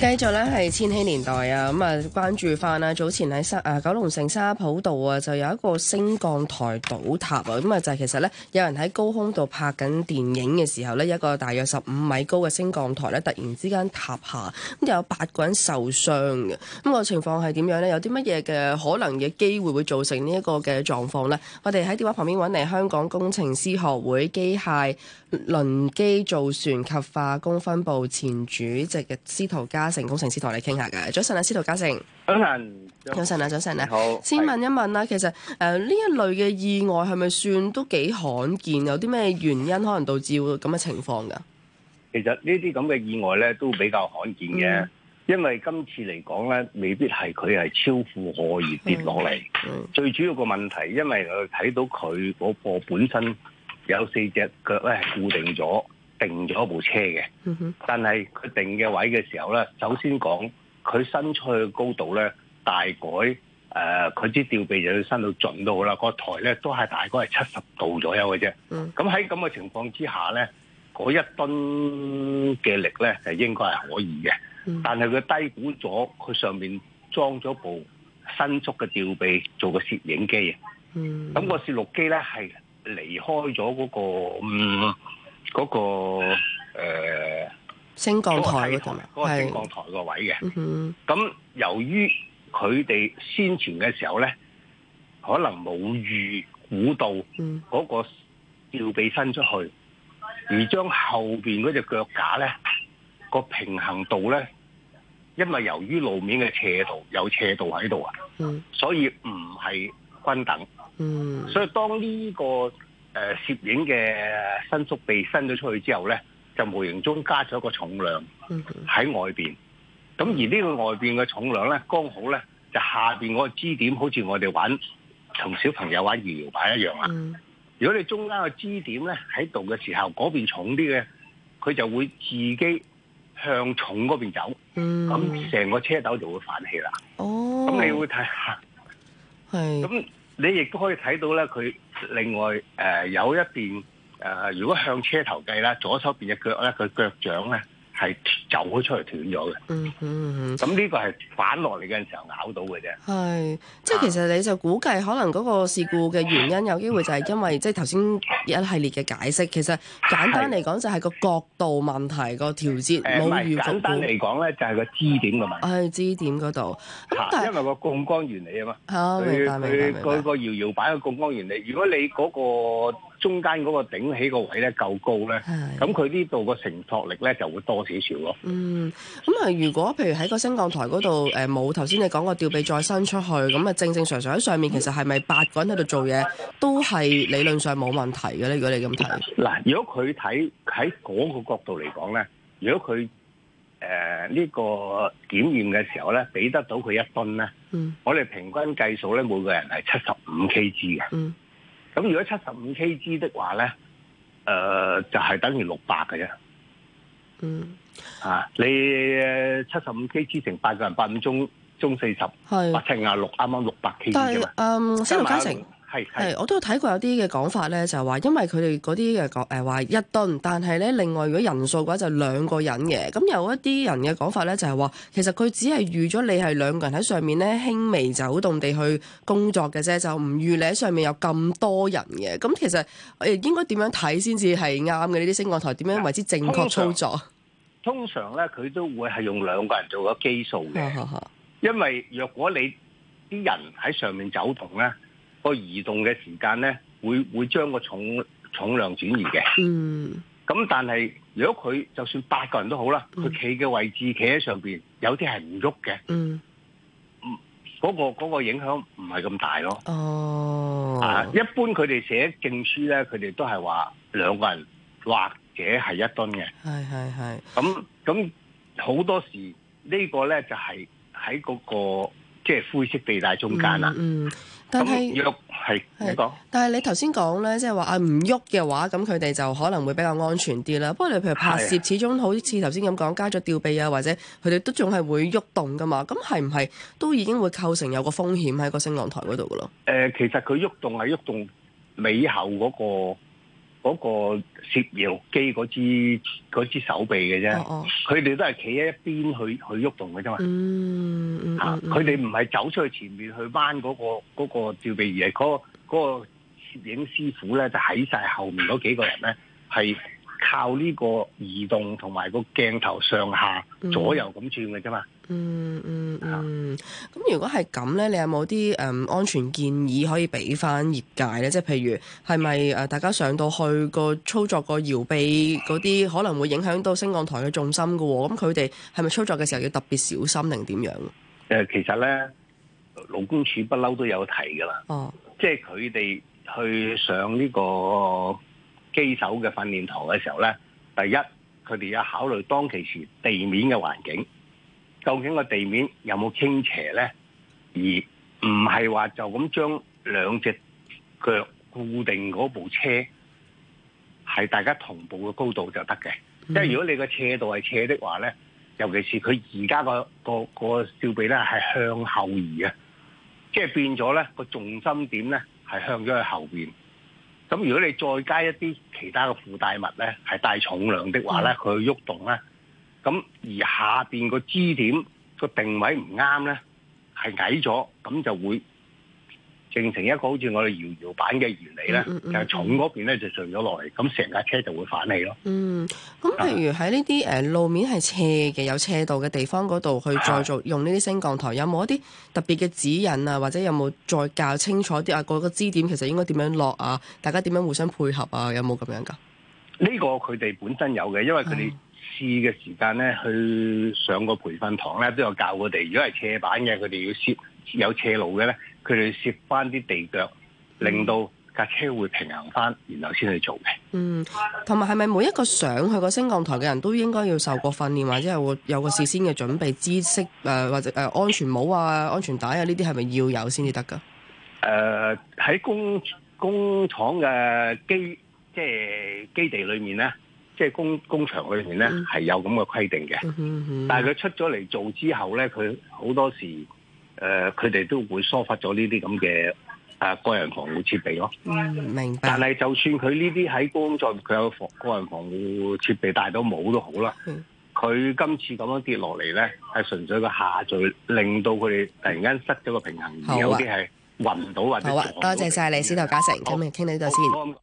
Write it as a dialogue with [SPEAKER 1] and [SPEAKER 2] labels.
[SPEAKER 1] 繼續咧係千禧年代啊，咁啊關注翻啊，早前喺沙啊九龍城沙浦道啊，就有一個升降台倒塌啊，咁啊就係、其實咧有人喺高空度拍緊電影嘅時候呢，一個大約十五米高嘅升降台咧，突然之間塌下，咁就有八個人受傷嘅，咁個情況係點樣呢？有啲乜嘢嘅可能嘅機會會造成呢一個嘅狀況呢？我哋喺電話旁邊揾嚟香港工程師學會機械輪機造船及化工分部前主席嘅司徒家成工程師同你哋傾下嘅，早晨啊，司徒家成，
[SPEAKER 2] 早、嗯、晨、嗯，
[SPEAKER 1] 早晨啊，早晨啊，好，先問一問啦，其實誒呢、呃、一類嘅意外係咪算都幾罕見？有啲咩原因可能導致會咁嘅情況嘅？
[SPEAKER 2] 其實呢啲咁嘅意外咧都比較罕見嘅、嗯，因為今次嚟講咧，未必係佢係超負荷而跌落嚟、嗯。最主要個問題，因為我睇到佢嗰個本身有四隻腳咧係固定咗。定咗部車嘅，但係佢定嘅位嘅時候呢，首先講佢伸出去嘅高度呢，大概誒佢支吊臂就要伸到盡度啦。個台呢都係大概係七十度左右嘅啫。咁喺咁嘅情況之下呢，嗰一噸嘅力呢係應該係可以嘅。但係佢低估咗，佢上面裝咗部伸縮嘅吊臂做個攝影機。咁、嗯嗰個攝錄機呢係離開咗嗰、嗰個。嗯嗰、嗰個、呃、升降台嗰個升、嗰個、降台個位嘅，咁由於佢哋先前嘅時候咧，可能冇預估到嗰個吊臂伸出去，嗯、而將後邊嗰隻腳架咧、嗰個平衡度咧，因為由於路面嘅斜度有斜度喺度啊，所以唔係均等、嗯，所以當呢、呢個誒攝影嘅伸縮臂伸咗出去之後咧，就無形中加咗個重量喺外面。咁、mm-hmm. 而呢個外面嘅重量咧，mm-hmm. 剛好咧就下面嗰個支點，好似我哋玩同小朋友玩搖搖擺一樣啊！Mm-hmm. 如果你中間個支點咧喺度嘅時候，嗰邊重啲嘅，佢就會自己向重嗰邊走。咁、mm-hmm. 成個車斗就會反起啦。哦，咁你會睇下、mm-hmm. 你亦都可以睇到咧，佢另外誒有一邊誒，如果向車頭計啦，左手邊嘅腳咧，佢腳掌咧。係走咗出嚟斷咗嘅，嗯哼嗯嗯，咁呢個係反落嚟嘅時候咬到嘅啫。
[SPEAKER 1] 係，即係其實你就估計可能嗰個事故嘅原因有機會就係因為、嗯、即係頭先一系列嘅解釋，其實簡單嚟講就係個角度問題，個調節冇預估到嚟
[SPEAKER 2] 講咧，呃、就係個支點嘅問
[SPEAKER 1] 題。係支點嗰度，
[SPEAKER 2] 因為個槓桿原理啊嘛，佢、哦、佢個搖搖擺嘅槓桿原理，如果你嗰、嗰個中間嗰個頂起個位咧夠高咧，咁佢呢度個承托力咧就會多少少咯。
[SPEAKER 1] 嗯，咁啊，如果譬如喺個升降台嗰度誒冇頭先你講個吊臂再伸出去，咁啊正正常常喺上面，其實係咪八個人喺度做嘢都係理論上冇問題嘅咧？如果你咁睇，
[SPEAKER 2] 嗱，如果佢睇喺嗰個角度嚟講咧，如果佢誒呢個檢驗嘅時候咧，俾得到佢一噸咧，嗯，我哋平均計數咧，每個人係七十五 kg 嘅。嗯咁如果七十五 Kg 的話咧，誒、呃，就係、是、等於六百嘅啫。嗯，嚇、啊、你誒，七十五 Kg 乘八個人，八五中中四十，八七廿六，啱啱六百 Kg 啫嘛。嗯，司徒家成。係，係，
[SPEAKER 1] 我都有睇過有啲嘅講法咧，就係話，因為佢哋嗰啲嘅講，誒話一噸，但係咧另外如果人數嘅話就兩個人嘅，咁有一啲人嘅講法咧就係話，其實佢只係預咗你係兩個人喺上面咧輕微走動地去工作嘅啫，就唔預你喺上面有咁多人嘅。咁其實誒應該點樣睇先至係啱嘅？呢啲升降台點樣為之正確操作？
[SPEAKER 2] 通常咧，佢都會係用兩個人做咗基數嘅，因為若果你啲人喺上面走動咧。個移動嘅時間咧，會會將個重重量轉移嘅。嗯。咁但係，如果佢就算八個人都好啦，佢企嘅位置企喺上邊，有啲係唔喐嘅。嗯。嗯，嗰個嗰個影響唔係咁大咯。哦。啊，一般佢哋寫證書咧，佢哋都係話兩個人或者係一噸嘅。係係係。咁咁好多時呢個咧就係喺嗰個即係灰色地帶中間啦。嗯。嗯但係喐係你講，
[SPEAKER 1] 但係你頭先講咧，即係話啊唔喐嘅話，咁佢哋就可能會比較安全啲啦。不過你譬如拍攝，始終好似頭先咁講，加咗吊臂啊，或者佢哋都仲係會喐動噶嘛。咁係唔係都已經會構成有個風險喺個升降台嗰
[SPEAKER 2] 度噶咯？誒、呃，其實佢喐動係喐動尾後嗰、嗰個。嗰、那個攝影機嗰支，支手臂嘅啫，佢、oh, 哋、oh. 都係企喺一邊去去喐動嘅啫嘛。佢哋唔係走出去前面去彎嗰、那個照備儀，嗰、那、嗰、個那個攝影師傅呢就喺曬後面嗰幾個人呢，係靠呢個移動同埋個鏡頭上下左右咁轉嘅啫嘛。Mm.
[SPEAKER 1] 嗯嗯嗯，咁、嗯嗯、如果係咁呢，你有冇啲誒安全建議可以俾翻業界呢？即係譬如係咪誒大家上到去個操作個搖臂嗰啲，可能會影響到升降台嘅重心噶喎、哦？咁佢哋係咪操作嘅時候要特別小心定點樣？
[SPEAKER 2] 誒，其實呢，勞工處不嬲都有提噶啦、哦，即係佢哋去上呢個機手嘅訓練堂嘅時候呢，第一佢哋要考慮當其時地面嘅環境。究竟個地面有冇傾斜咧？而唔係話就咁將兩隻腳固定嗰部車係大家同步嘅高度就得嘅、嗯。即係如果你個斜度係斜的話咧，尤其是佢而家個、那個個吊臂咧係向後移啊，即係變咗咧個重心點咧係向咗去後邊。咁如果你再加一啲其他嘅附帶物咧，係帶重量的話咧，佢、嗯、喐動咧。咁而下邊個支點個定位唔啱咧，係矮咗，咁就會形成一個好似我哋搖搖板嘅原理咧。係、嗯嗯嗯、重嗰邊咧就墜咗落嚟，咁成架車就會反起咯。嗯，
[SPEAKER 1] 咁譬如喺呢啲誒路面係斜嘅，有斜度嘅地方嗰度去再做用呢啲升降台，有冇一啲特別嘅指引啊？或者有冇再教清楚啲啊？嗰、嗰個支點其實應該點樣落啊？大家點樣互相配合啊？有冇咁樣噶？呢、
[SPEAKER 2] 呢個佢哋本身有嘅，因為佢哋。嘅時間咧，去上個培訓堂咧，都有教佢哋。如果係斜板嘅，佢哋要設有斜路嘅咧，佢哋要設翻啲地腳，令到架車會平衡翻，然後先去做嘅。嗯，
[SPEAKER 1] 同埋係咪每一個上去個升降台嘅人都應該要受過訓練，或者係會有個事先嘅準備知識，誒、呃、或者誒、呃、安全帽啊、安全帶啊，呢啲係咪要有先至得㗎？誒、
[SPEAKER 2] 呃、喺工工廠嘅基即係基地裏面咧。即係工工場裏面咧，係、嗯、有咁嘅規定嘅，嗯嗯嗯，但係佢出咗嚟做之後咧，佢好多時誒，佢、呃、哋都會疏忽咗呢啲咁嘅誒個人防護設備咯。嗯，
[SPEAKER 1] 明白。
[SPEAKER 2] 但係就算佢呢啲喺工作佢有個防個人防，防護設備，帶到都冇都好啦。佢、嗯、今次咁樣跌落嚟咧，係純粹個下墜令到佢哋突然間失咗個平衡，啊、有啲係暈倒或者。好啊，多謝
[SPEAKER 1] 晒，你，司徒家成，今日傾到呢度先。